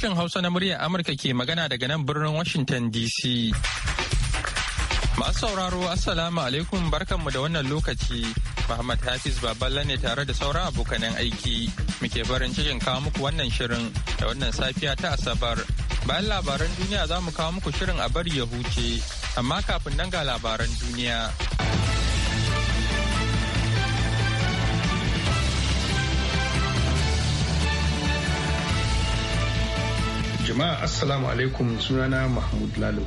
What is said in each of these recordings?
shafin Hausa na muryar Amurka ke magana daga nan birnin Washington DC. Masu sauraro Assalamu alaikum barkanmu da wannan lokaci. Muhammad Hafiz Baballa ne tare da sauran abokanan aiki. Muke barin cikin kawo muku wannan shirin da wannan safiya ta Asabar. Bayan labaran duniya za mu kawo muku shirin a bari ya huce, amma kafin nan ga labaran duniya. Jama'a Assalamu alaikum sunana Mahmud Lalo.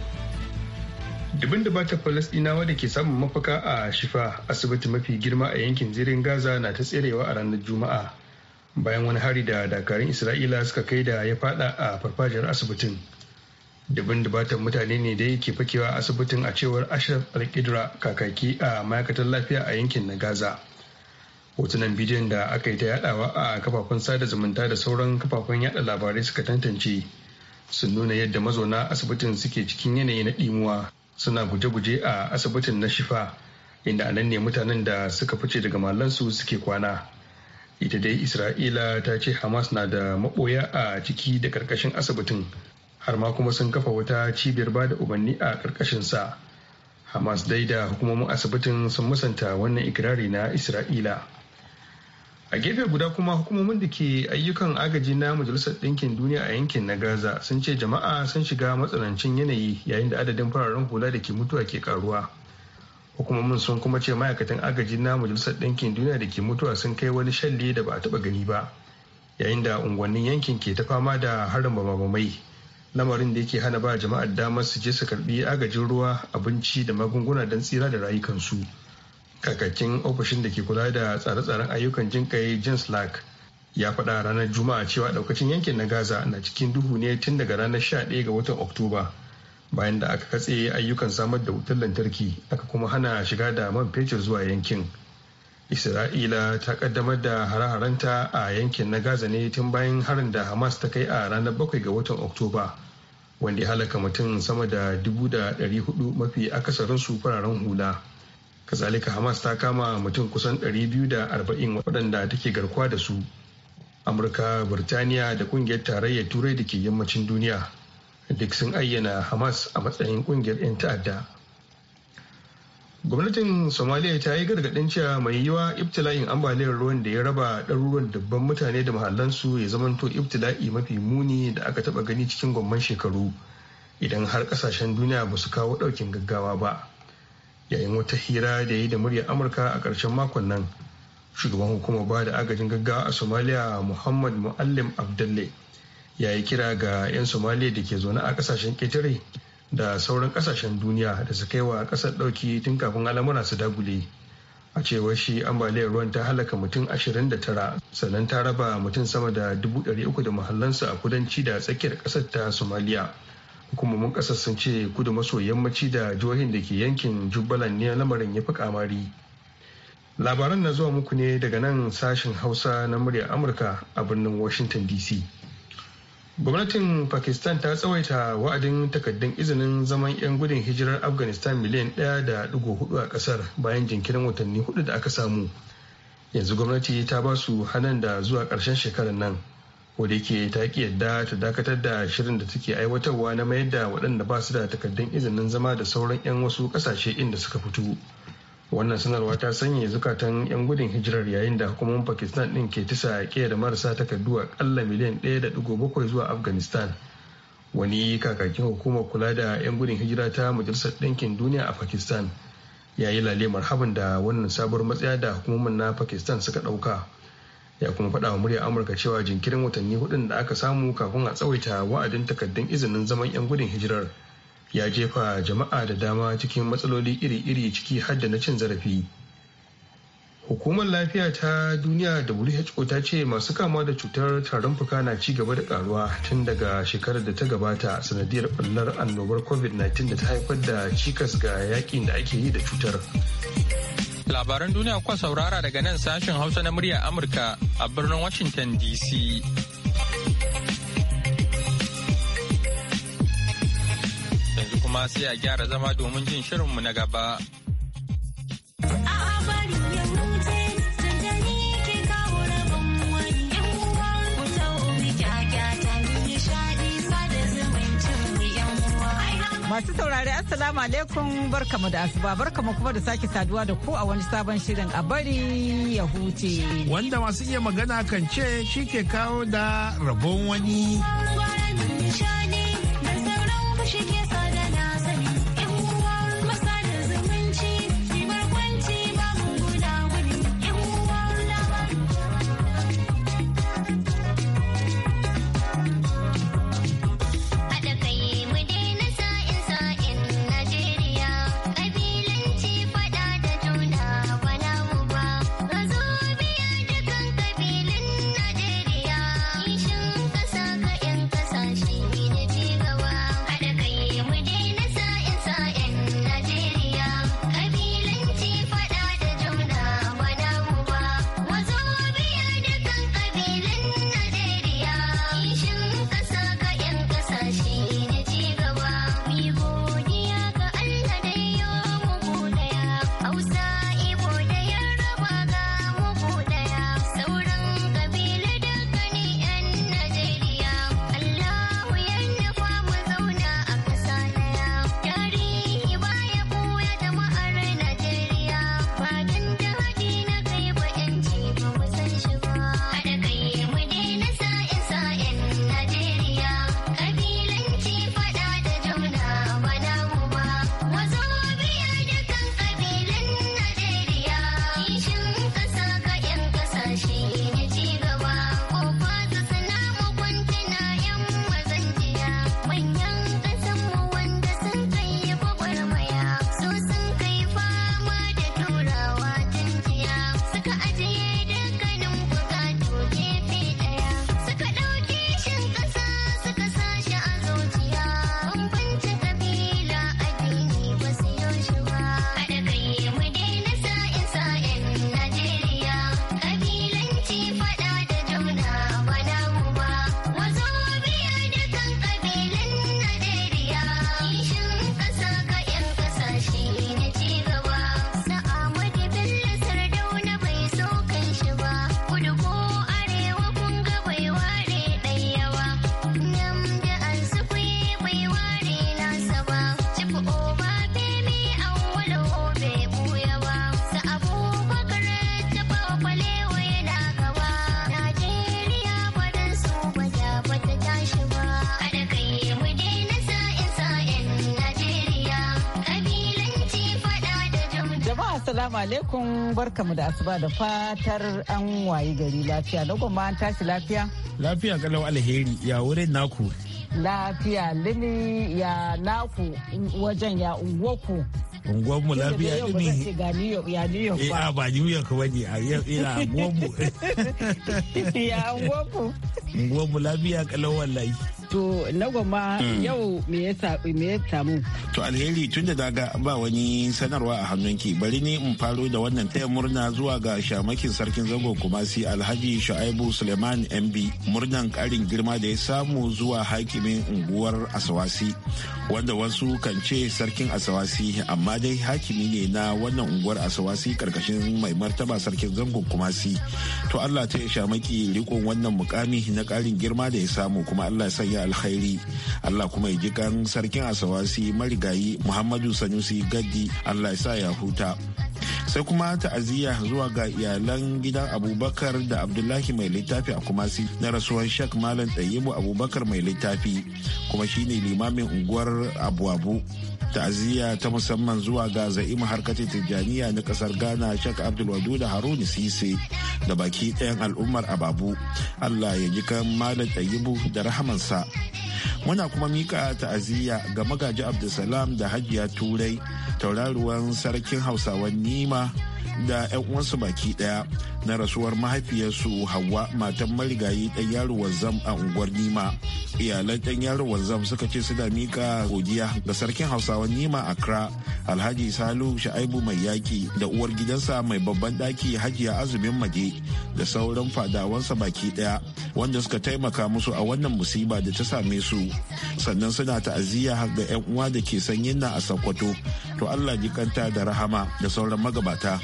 Dubin da bata Falasɗinawa da ke samun mafaka a Shifa asibiti mafi girma a yankin zirin Gaza na ta tserewa a ranar Juma'a bayan wani hari da dakarun Isra'ila suka kai da ya fada a farfajiyar asibitin. Dubin da bata mutane ne da ke fakewa asibitin a cewar Ashraf alkidra kakaki a ma'aikatar lafiya a yankin na Gaza. hotunan bidiyon da aka yi ta yadawa a kafafen sada zumunta da sauran kafafen yada labarai suka tantance sun nuna yadda mazauna asibitin suke cikin yanayi na ɗimuwa suna guje-guje a asibitin na shifa inda anan ne mutanen da suka fice daga mallansu suke kwana ita dai isra'ila ta ce hamas na da maɓoya a ciki da ƙarƙashin asibitin har ma kuma sun kafa wata cibiyar ba da umarni a karkashinsa hamas dai da hukumomin asibitin sun musanta wannan ikirari na isra'ila a gefe guda kuma hukumomin da ke ayyukan agaji na majalisar ɗinkin duniya a yankin na gaza sun ce jama'a sun shiga matsanancin yanayi yayin da adadin fararen hula da ke mutuwa ke karuwa hukumomin sun kuma ce ma'aikatan agaji na majalisar ɗinkin duniya da ke mutuwa sun kai wani shalle da ba a taɓa gani ba yayin da unguwannin yankin ke ta fama da harin bababamai lamarin da yake hana ba jama'ar damar su je su karbi agajin ruwa abinci da magunguna don tsira da rayukansu. su kakakin ofishin da ke kula da tsare-tsaren ayyukan jin kai james lack ya faɗa ranar juma'a cewa daukacin yankin na gaza na cikin duhu ne tun daga ranar 11 ga watan oktoba bayan da aka katse ayyukan samar da wutar lantarki aka kuma hana shiga da man fetur zuwa yankin isra'ila ta kaddamar da hare-harenta a yankin na gaza ne tun bayan harin da hamas ta kai a ranar 7 ga watan oktoba wanda ya halaka mutum sama da 400 mafi akasarin su fararen hula kazalika hamas ta kama mutum kusan 240 waɗanda take garkuwa da su amurka birtaniya da kungiyar tarayyar turai da ke yammacin duniya duk sun ayyana hamas a matsayin kungiyar 'yan ta'adda gwamnatin somaliya ta yi gargaɗin cewa mai yiwa ibtila'in ambaliyar ruwan da ya raba ɗaruruwan dubban mutane da mahallansu ya zamanto ibtila'i mafi muni da aka taɓa gani cikin gwamman shekaru idan har ƙasashen duniya ba su kawo ɗaukin gaggawa ba yayin wata hira da yi da muryar amurka a ƙarshen makon nan shugaban hukumar ba da agajin gaggawa a somaliya muhammad muallim abdulle ya yi kira ga 'yan somaliya da ke zaune a ƙasashen ƙetare da sauran ƙasashen duniya da su kai wa ƙasar ɗauki tun kafin al'amura su dagule a cewar shi ambaliyar ruwan ta halaka mutum 29 sannan ta raba mutum sama da 300 da muhallansu a kudanci da tsakiyar ƙasar ta somaliya hukumomin kasar sun ce kudu maso yammaci da jihohin da ke yankin jubbalan ne lamarin ya fi kamari labaran na zuwa muku ne daga nan sashen hausa na muryar amurka a birnin washington dc gwamnatin pakistan ta tsawaita wa'adin takaddun izinin zaman 'yan gudun hijirar afghanistan miliyan 1.4 a kasar bayan jinkirin watanni hudu da aka samu yanzu gwamnati ta ba su hannun da zuwa karshen shekarar nan ke ta ki yadda ta dakatar da shirin da take aiwatarwa na mayar da waɗanda ba su da takardun izinin zama da sauran 'yan wasu ƙasashe inda suka fito wannan sanarwa ta sanya zukatan 'yan gudun hijirar yayin da hukumar pakistan ɗin ke tisa ke da marasa takardu a ƙalla miliyan 1.7 zuwa afghanistan wani kakakin hukumar kula da 'yan gudun hijira ta majalisar ɗinkin duniya a pakistan ya yi lale marhaban da wannan sabuwar matsaya da hukumomin na pakistan suka ɗauka ya kuma faɗa wa murya amurka cewa jinkirin watanni hudun da aka samu kafin a tsawaita wa'adin takardun izinin zaman 'yan gudun hijirar ya jefa jama'a da dama cikin matsaloli iri-iri ciki har da na cin zarafi hukumar lafiya ta duniya who ta ce masu kama da cutar tarin fuka na ci gaba da karuwa tun daga shekarar da ta gabata sanadiyar ɓallar annobar covid-19 da ta haifar da cikas ga yakin da ake yi da cutar Labaran duniya kuwa saurara daga nan sashen Hausa na muryar Amurka a birnin Washington DC. Yanzu kuma sai a gyara zama domin jin shirinmu na gaba. ya Masu saurari Assalamu alaikum barkamu da asuba barkamu kuma da sake saduwa da ku a wani sabon shirin a bari ya huce. Wanda masu iya magana kan ce shi ke kawo da rabon wani. alaikum barkamu da asuba da fatar an wayi gari lafiya. Na goma an tashi lafiya? Lafiya kalau alheri ya wurin naku. Lafiya lini ya naku wajen ya unguwaku. unguwanmu lafiya lini ya new york ba eh, ba new york ba ne a ina unguwanmu ya unguwanmu unguwanmu lafiya kalau wallahi to na goma mm. yau me ya samu to alheri tun da daga ba wani sanarwa a hannunki bari ni in faro da wannan taya murna zuwa ga shamakin sarkin zango kumasi alhaji shu'aibu suleiman mb murnan karin girma da ya samu zuwa hakimin unguwar asawasi wanda wasu kan ce sarkin asawasi amma dai hakimi ne na wannan unguwar asawasi karkashin mai martaba sarkin zango kumasi to allah ta ya shamaki rikon wannan mukami na karin girma da ya samu kuma allah ya sanya alkhairi allah kuma ya ji kan sarkin asawasi marigayi muhammadu sanusi gaddi allah ya sa ya huta sai kuma ta'aziyya zuwa ga iyalan gidan abubakar da abdullahi mai littafi a kumasi na rasuwar shak malam ɗayyibu abubakar mai littafi kuma shine limamin unguwar abuabu ta'aziyya ta musamman zuwa ga za'imu harkatin tijjaniya na kasar ghana shek abdulwadu da haruna sise da baki ɗayan al'ummar ababu allah ya ji kan malam ɗayyibu da rahamansa muna kuma mika ta'aziyya ga magaji abdulsalam da hajiya turai tauraruwan sarkin hausawan nima da 'yan uwansu baki daya na rasuwar mahaifiyarsu hawa matan marigayi ɗan yaro wanzam a unguwar nima iyalan ɗan yaro wanzam suka ce suna mika godiya ga sarkin hausawan nima accra alhaji salu sha'aibu mai yaki da uwar gidansa mai babban ɗaki hajiya azumin maje da sauran fadawansa baki ɗaya wanda suka taimaka musu a wannan musiba da ta same su sannan suna ta'aziyya ga 'yan uwa da ke sanyin na a sakkwato to allah ji kanta da rahama da sauran magabata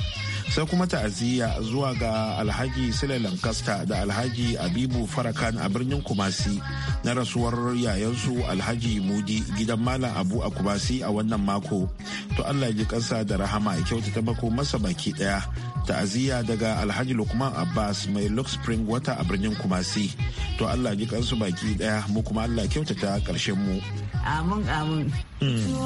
sai kuma ta'aziyya zuwa ga alhaji sule lancaster da alhaji abibu farakan a birnin kumasi na rasuwar yayansu alhaji mudi gidan malam abu a kumasi a wannan mako to allah ji kansa da rahama kyauta kyautata mako masa baki daya ta'aziyya daga alhaji lukman abbas mai lux spring water a birnin kumasi to allah ji kansu baki daya mu kuma allah kyautata karshen mu amin amin hmm.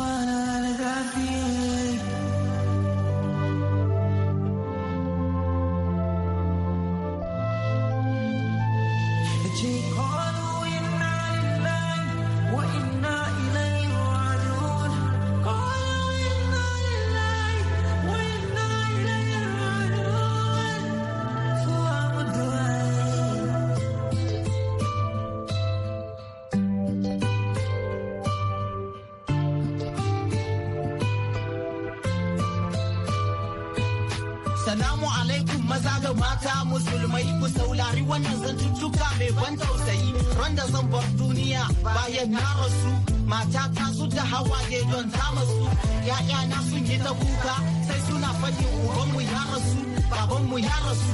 ya na rasu matata ta su da hawaye don tama masu ya'ya na sun yi ta kuka sai suna faɗi mu ya rasu babanmu ya rasu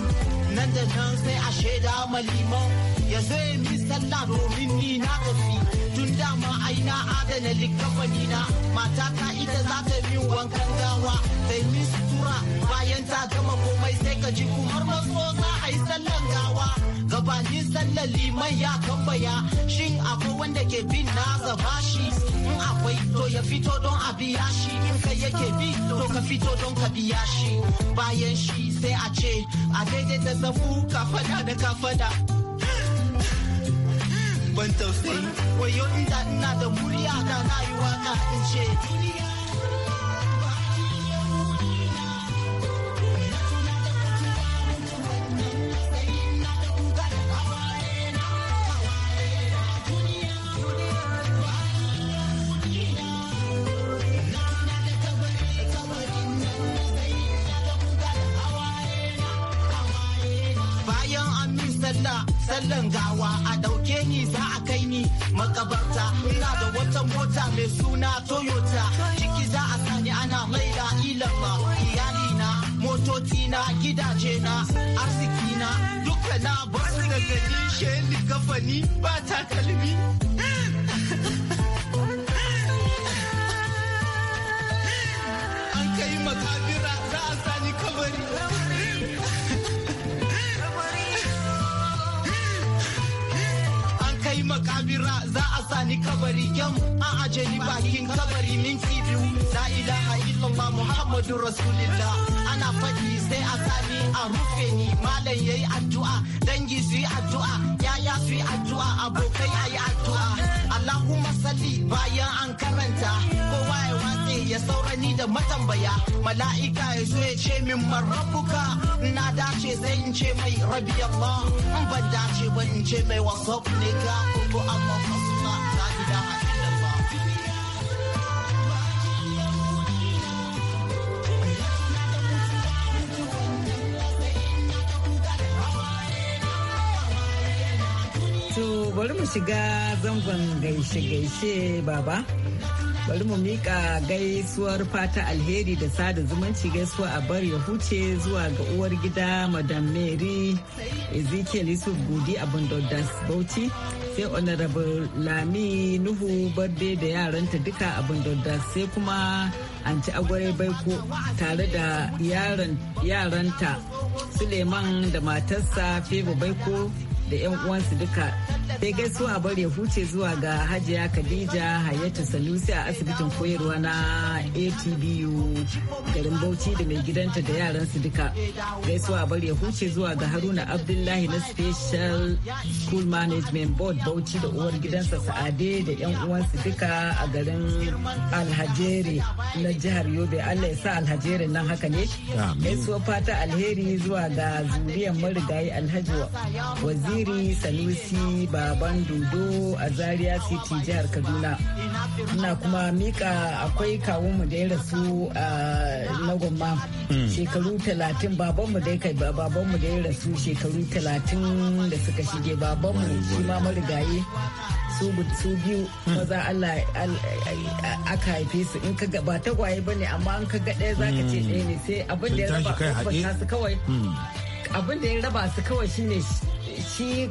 nan da nan sai a shaida maliman ya zai mi sallah domin ni na tafi tun dama ai na adana likafani na matata ita za ta min wankan gawa sai mi sutura bayan ta gama komai sai ka ji kumar maso za a yi sallan gawa gabanin sallali mai ya tambaya shin akwai wanda ke bin na shi in akwai to ya fito don a biya shi in kai yake bi to ka fito don ka biya shi bayan shi sai a ce a daidai da ka fada da ka fada ban tausayi wayo inda ina da murya da rayuwa na in ce duniya sallah sallan gawa a dauke ni za a kai ni makabarta ina da wata mota mai suna toyota ciki za a sani ana maida ilama iyalina na gidajena na duka na ba su da gani sheni kafani ba takalmi kabari yam a ajali bakin kabari minti biyu la ilaha illallah muhammadu rasulillah ana faɗi sai a sani a rufe ni malam yayi addu'a dangi su yi addu'a yaya su yi addu'a abokai ayi addu'a allahumma salli bayan an karanta kowa ya watse ya saurani da matambaya mala'ika ya zo ya ce min marabuka na dace sai in ce mai rabi in ban dace ba in ce mai wasu ne ga ko Allah To bari mu shiga zangon gaishe-gaishe baba. Bari mu miƙa gaisuwar fata alheri da sada zumunci gaisuwa a bar ya huce zuwa ga uwar gida Madam Mary Ezekiel Yusuf Gudi abin Dodas Bauchi. Sai Honorable Lami Nuhu Barde da yaranta duka abin Dodas sai kuma Anci Agware Baiko tare da yaranta Suleiman da matarsa Febo Baiko da 'yan uwansu duka sai gaisuwa bar ya huce zuwa ga hajiya khadija hayatu sanusi a asibitin koyarwa na atbu garin bauchi da mai gidanta da yaransu duka gaisuwa bar ya huce zuwa ga haruna abdullahi na special school management board bauchi da uwar gidansa sa'ade da 'yan uwansu duka a garin alhajere na jihar yobe allah ya sa alhajere nan haka ne gaisuwa fata alheri zuwa ga zuriyar marigayi alhaji waziri Bashiri Sanusi Baban Dodo a Zaria City jihar Kaduna. Ina kuma mika akwai kawo da ya rasu a Nagwamma hmm. shekaru talatin baban mu dai kai baban da ya rasu shekaru talatin da suka shige mu shi ma marigayi su biyu hmm. maza Allah aka haife su in ka ga ba tagwaye bane amma an ka ga ɗaya ka ce hmm. ɗaya ne sai abin da ya raba su kawai abin da ya raba su kawai shine shi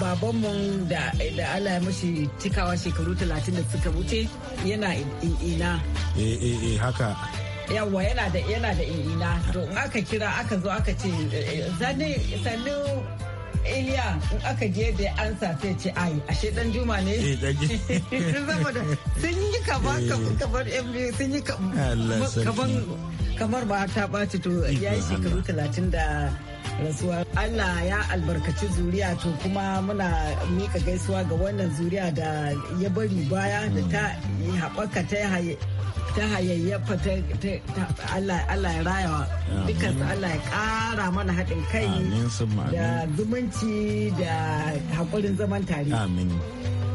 babanmu da Allah ya mashi cikawa shekaru talatin da suka wuce yana ina. Eh eh eh haka. Yawwa yana da yana da ina to in aka kira aka zo aka ce zane eh, eh, sannu Iliya in aka je da ansa sai ce ai ashe dan juma ne eh, juma. sun yi kamar kamar sun yi kamar ba ta ɓaci to ya yi shekaru talatin da rasuwa Allah ya albarkaci zuriya to kuma muna mika gaisuwa ga wannan zuriya da ya bari baya da ta haɓaka ta ta hayayyafa ta Allah ya rayawa dukkan Allah ya ƙara mana haɗin kai da zumunci da haƙurin zaman tare.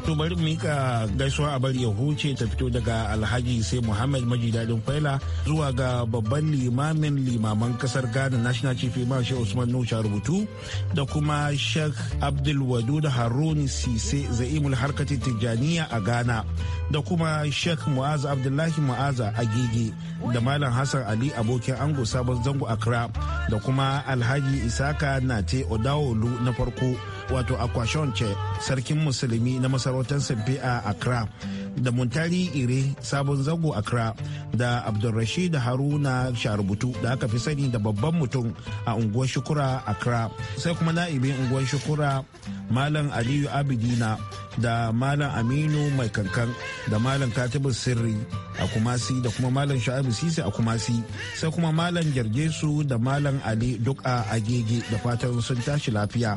To bari mika gaisuwa a bari ya huce ta fito daga Alhaji sai Muhammad Maji Dadin Faila zuwa ga babban limamin limaman kasar Ghana National Chief Imam shehu Usman Nucha rubutu da kuma Sheikh Abdul Wadud haruni Sise Zaimul Harkati tijaniya a Ghana da kuma Sheikh Mu'az Abdullahi Mu'aza a Gigi da Malam Hassan Ali abokin ango sabon zango Accra da kuma Alhaji Isaka Nate Odawolu na farko wato ce sarkin musulmi na masarautar sinfi a accra da muntari ire sabon zango accra da abdulrashid haruna sharubutu da aka fi sani da babban mutum a unguwar shukura accra sai kuma na'ibin unguwar shukura malam aliyu abidina da malam aminu mai kankan da malam katibin sirri a kumasi da kuma malam sha'abu sisi a kumasi sai kuma malam jargesu da malam ali duk a agege da fatan sun tashi lafiya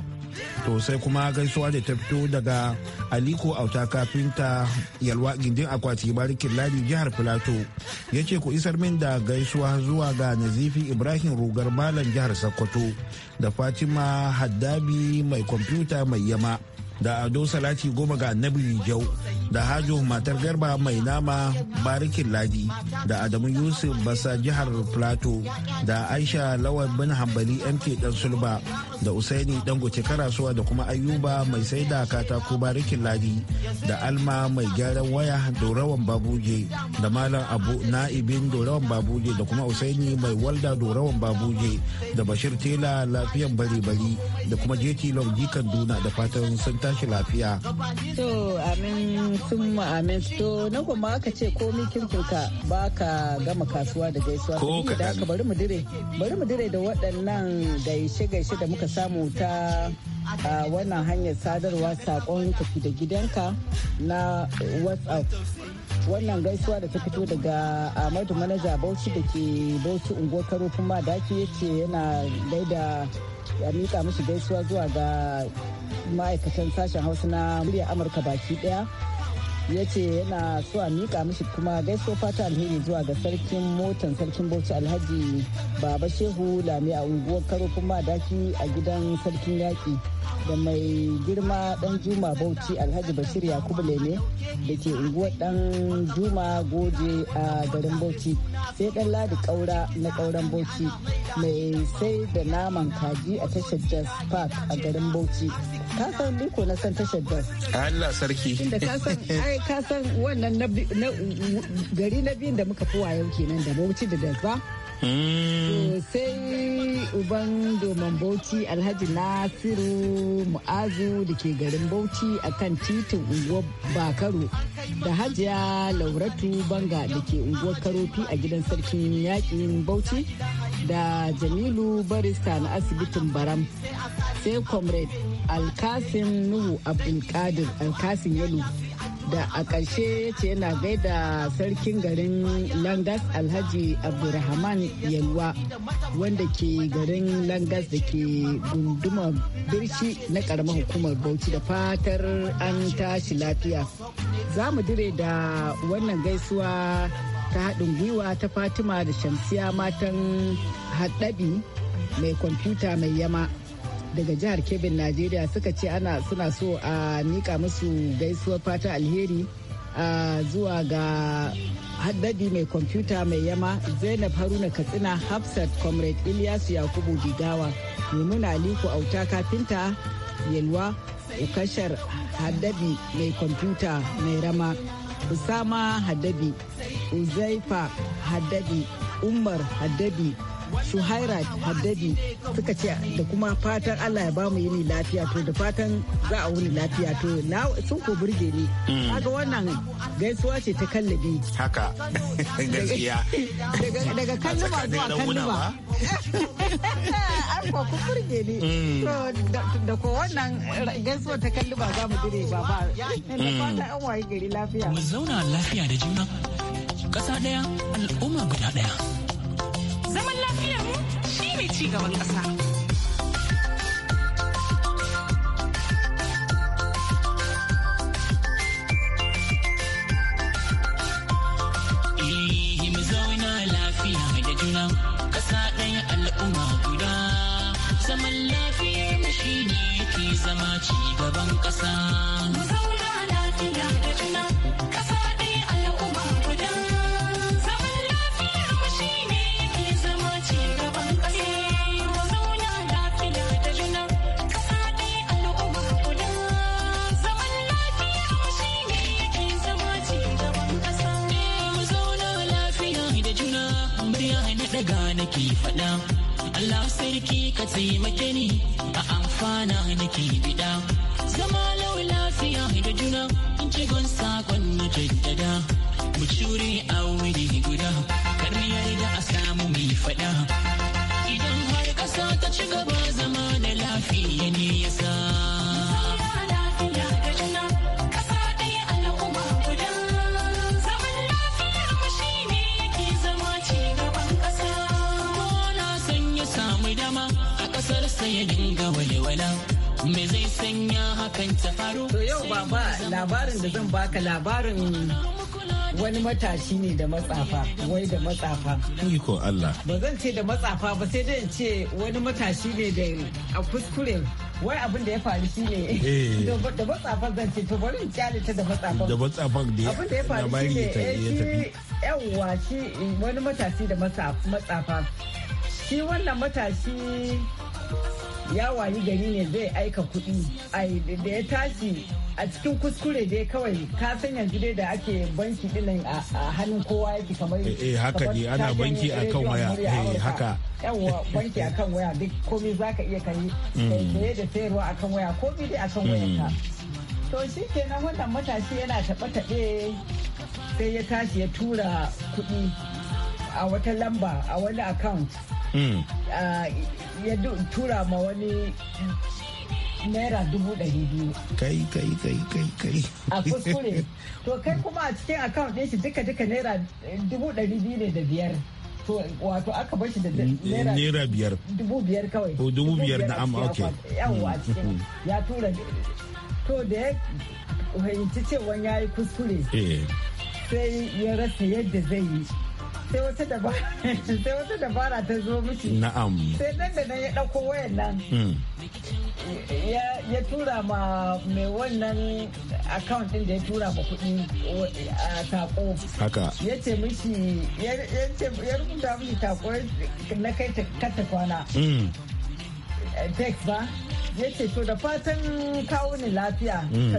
to sai kuma gaisuwa da ta fito daga aliko auta kafinta yalwa gindin akwati barikin ladi jihar filato ya ce ku isar min da gaisuwa zuwa ga nazifi ibrahim rugar malam jihar sokoto da fatima haddabi mai kwamfuta mai yama da ado salati goma ga annabi jau da hajo matar garba mai nama barikin ladi da adamu yusuf basa jihar plateau da aisha lawal bin hambali mk dan sulba da usaini dangote karasuwa da kuma ayuba mai saida katako barikin ladi da alma mai gyaran waya dorawan babuje da malam abu na'ibin dorawan babuje da kuma usaini mai walda dorawan babuje da bashir tela lafiyan bari-bari da kuma jeti long jikan duna da fatan sun tashi lafiya sun ma'amin to na goma aka ce komi kirkirka ba ka gama kasuwa da gaisuwa ko ka da bari mu dire bari mu dire da waɗannan gaishe gaishe da muka samu ta wannan hanyar sadarwa sakon tafi da gidanka na whatsapp wannan gaisuwa da ta fito daga amadu manaja bauchi da ke bauchi unguwar karofin da ya ce yana gaida ya mika musu gaisuwa zuwa ga ma'aikatan sashen hausa na murya amurka baki daya ya ce yana so a mika mishi kuma gaiso fata alheri zuwa ga sarkin motan sarkin bauchi alhaji baba shehu lami a unguwar karo kuma daki a gidan sarkin yaƙi da mai girma dan juma bauchi alhaji bashir yakubu leme da ke unguwar dan juma goje a garin bauchi sai dan ladi kaura na kauran bauchi mai sai da naman kaji a tashar jazz park a garin bauchi ka san ni na san tashar bas Allah sarki inda ka san ai ka san wannan na gari na biyun da muka fi wayo kenan da Bauchi da Dabba hmm. sai uban domin bauchi alhaji nasiru mu'azu da ke garin bauchi a kan titin unguwar bakaro da hajiya lauratu banga da ke unguwar karofi a gidan sarkin yakin bauchi da jamilu barista na asibitin baram sai comrade alkasim nuhu abdulkadir alkasim yalu da a ƙarshe ce yana gaida sarkin garin langas alhaji abdulrahman yalwa wanda ke garin langas da ke gunduma birshi na ƙaramar hukumar bauchi da fatar an tashi lafiya za mu dire da wannan gaisuwa ta haɗin gwiwa ta fatima da shamsiya matan haɗabi mai kwamfuta mai yama daga jihar kebin najeriya suka ce ana suna so a mika musu gaisuwar fata alheri zuwa ga haddadi mai kwamfuta mai yama zainab haruna katsina hafsat comrade ilyasu yakubu gigawa maimuna aliko auta kafinta yalwa ukashar haddadi mai kwamfuta mai rama Usama Haddadi, Uzaifa Haddadi, Umar Haddadi. Suhaira Haddadi suka ce da kuma fatan Allah ya ba mu yini lafiya to da fatan za a wuni lafiya to sun ko burge ni. Hmm. Kaga wannan gaisuwa ce ta kallabi. Haka gaskiya. Daga kalluba zuwa kalluba An ko ku burge ni. Hmm. Da ko wannan gaisuwa ta kalluba za mu dire ba ba. Da hmm. fatan an waye gari lafiya. Mu zauna lafiya da juna. Kasa ɗaya al'umma guda ɗaya. ci gaban ƙasa. labarin da zan baka labarin wani matashi ne da matsafa wai da matsafa iko Allah ba zan ce da matsafa ba sai dai ce wani matashi ne da a kuskure wai abin da ya faru shi ne eh. da matsafa zan ce to bari in kyale ta da matsafa. da matsafan da ya da ya faru shi ne yawwa eh, shi wani matashi da matsafa shi wannan matashi ya wayi gari ne zai aika kuɗi da ya tashi a cikin kuskure dai kawai ka san yanzu dai da ake banki dinan a hannun kowa yake kamar eh, eh haka ne ana banki a kan waya eh haka yawa banki a kan waya duk komai ka iya mm. kai saye da sayarwa a kan waya komai dai a kan wayarka mm. to shi kenan wannan matashi yana taɓa taɓe sai ya tashi ya tura kuɗi a wata lamba a wani account Mm. Ah, ya tura ma wani naira dubu ɗari biyu. Kai kai kai kai kai. A kuskure. To kai kuma a cikin account ɗin shi duka duka naira dubu ɗari biyu ne da biyar. To wato aka bashi da naira biyar. Dubu biyar kawai. Ko oh, dubu biyar na amma ok. Yawwa cikin mm-hmm. ya tura. To da ya fahimci cewa ya yi kuskure. Eh. Sai ya rasa yadda zai yi. sai wata dabara ta zo mishi na'am sai nan da nan ya dauko wayan nan hmm. ya tura ma mai wannan account din da ya tura ma kuɗi a tako haka ya ce mishi ya rubuta mishi tako na kai ta kata kwana hmm. eh, text ba ya ce to da fatan kawo ni lafiya hmm.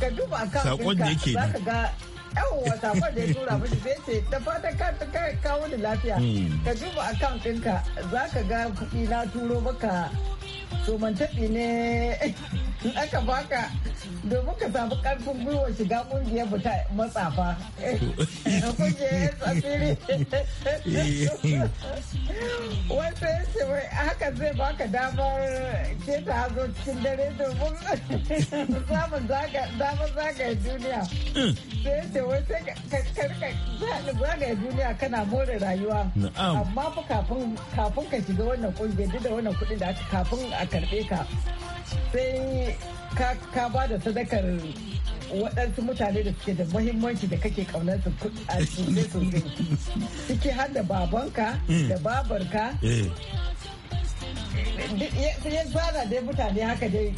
ka duba account ɗinka za ka ga yawwa sakon da ya tura mini zai ce da fata ka kawo ni lafiya hmm. ka duba account ɗinka za ka ga kuɗi na turo maka somantaɓi ne in aka baka domin ka samu karfin gwiwa shiga kungiyar mu ta matsafa kungiyar tsafiri wata ya ce wai haka zai baka damar keta hazo cikin dare domin samun damar zagaya duniya mm. sai ya ce wai sai karka zagaya duniya kana more rayuwa amma kafin ka shiga wannan kungiyar duk da wannan kuɗin da aka kafin a karɓe ka sai ka ba da sadakar waɗansu mutane da suke da muhimmanci da kake kaunar su a cikin sosai suke har da babanka hmm. da babarka eh. ya zana dai mutane haka dai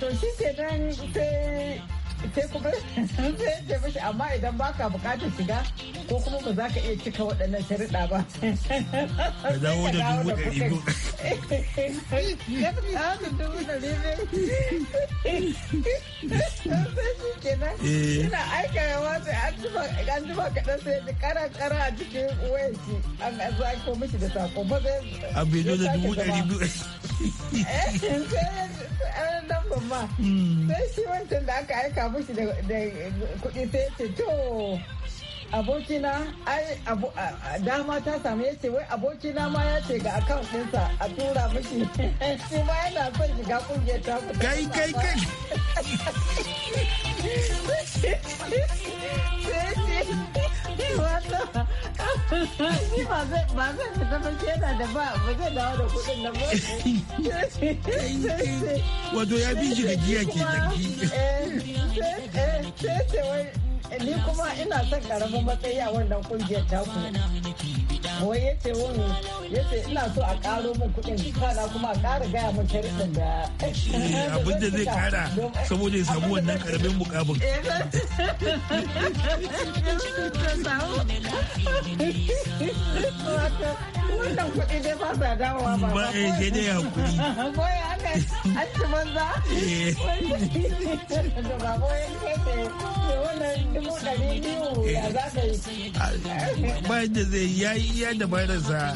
to shi ke nan sai sai kuma sai ce mashi amma idan baka bukatar shiga ko kuma ba za ka iya cika waɗannan sharuɗa ba. Ka dawo da dubu ɗari biyu. Yana eh. aika ya watsa an jima kaɗan sai da kara kara a cikin wayanci an aiko mishi da sako ba zai. Abin da dubu ɗari biyu. dan babba sai shi wancan da aka aika mushi da kuɗi sai ce to abokina ai dama ta samu ya ce wai abokina ma ya ce ga ɗinsa a tura mishi shi ma yana son shiga kungiyar ta kai kai kai Ni ba zai ba zai fita da ba ba zai dawo da kuɗin nan ba. Wato ya bi shi da giya ke jirgi. ni kuma ina son karamin matsayi a wannan kungiyar taku wai ya ce wani ya ce ina so a karo min kuɗin kana kuma a kara gaya min tarihin da eh, abin da zai kara saboda ya samu wannan karamin mukabin eh, wannan kuɗi dai ba sa dawowa ba ba eh sai dai ya aka an ci banza eh ba ko wannan dubu Bayan da zai ya yi iya dabararsa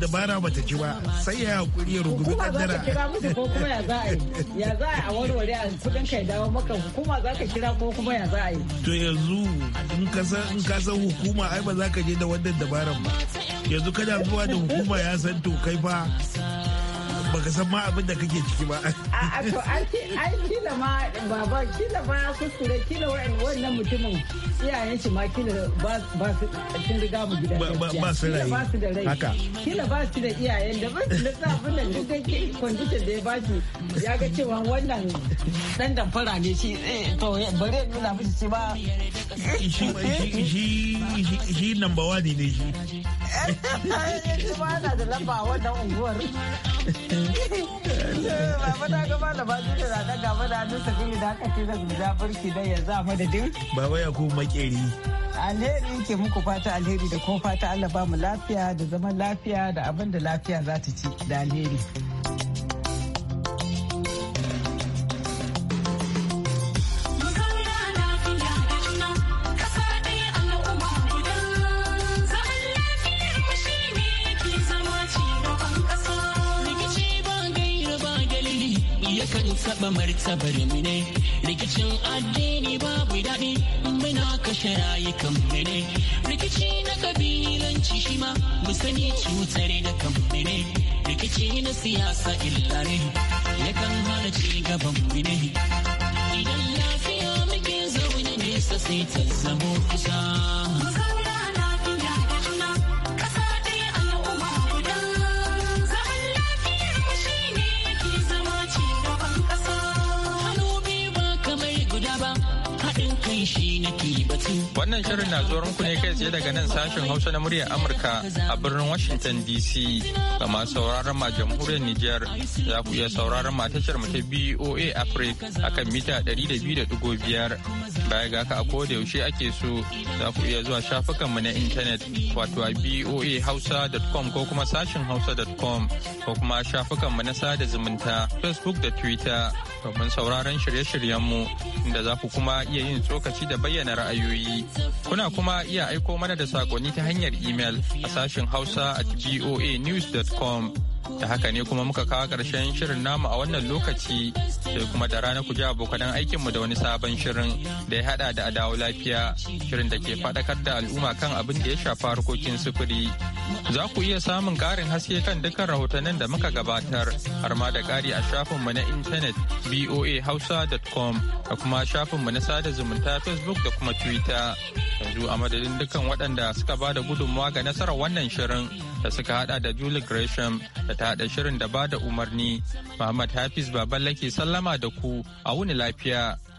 dabara ba ta ci ba sai ya hakuri ya rungumi kaddara. Hukuma za ka kira musu ko kuma ya za a yi. Ya za a warware a kudin kai dawo maka hukuma za ka kira ko kuma ya za a yi. To yanzu in ka san hukuma ai ba za ka je da wannan dabaran ba. Yanzu kana zuwa da hukuma ya san to kai fa baka san ma abin da kake ciki ba a to ai kila ma baba kila ma kuskure kila wannan mutumin iyayen shi ma kila ba su sun riga mu gidan ba su ba da rai haka kila ba su da iyayen da ba su da abin da duk yake condition da ya ba shi ya ga cewa wannan dan damfara ne shi eh, to bare nuna mishi shi ba shi shi number one ne shi. Ba na da lamba wannan unguwar. Baba na ga malama Jumai na daga mana hannun sabili da haka tilas mu ja burki dan yanzu a madadin. Baba Yakubu Makeri. alheri ke muku fata alheri da kuma fata Allah ba mu lafiya da zaman lafiya da abinda lafiya za ta ci da alheri. ba martabar mu ne rikicin addini babu daɗi muna kashe rayukan mu ne rikici na kabilanci shi ma mu sani cutar da kan mu ne rikici na siyasa illa ne yakan hana ci gaban mu ne idan lafiya muke zaune nesa sai ta zamo kusa Wannan shirin na zuwa ne kai tsaye daga nan sashen Hausa na muryar Amurka a birnin Washington DC. Ga masu sauraron ma jamhuriyar Nijar za ku iya sauraron ma tashar mu ta BOA Africa akan mita 200.5. Baya ga haka a koda yaushe ake so za ku iya zuwa shafukan mu na intanet wato a BOA boahausa.com ko kuma sashen hausa.com ko kuma shafukan mu na sada zumunta Facebook da Twitter domin sauraron shirye-shiryenmu inda za ku kuma iya yin tsokaci da bayyana ra'ayoyi. Kuna kuma iya aiko mana da sakonni ta hanyar imel a sashen Hausa at goanews.com. Da haka ne kuma muka kawo ƙarshen shirin namu a wannan lokaci sai kuma da rana ku ji abokan aikinmu da wani sabon shirin da ya haɗa da adawo lafiya shirin da ke faɗakar da al'umma kan abin da ya shafa harkokin sufuri. Za ku iya samun ƙarin haske kan dukkan rahotannin da muka gabatar har ma da ƙari a shafinmu na intanet voahausa.com da kuma shafinmu na sada zumunta facebook da kuma twitter yanzu a madadin dukkan waɗanda suka ba da gudunmawa ga nasarar wannan shirin da suka hada da julie gresham da ta hada shirin da ba da umarni muhammad hafiz baballake sallama da ku a wuni lafiya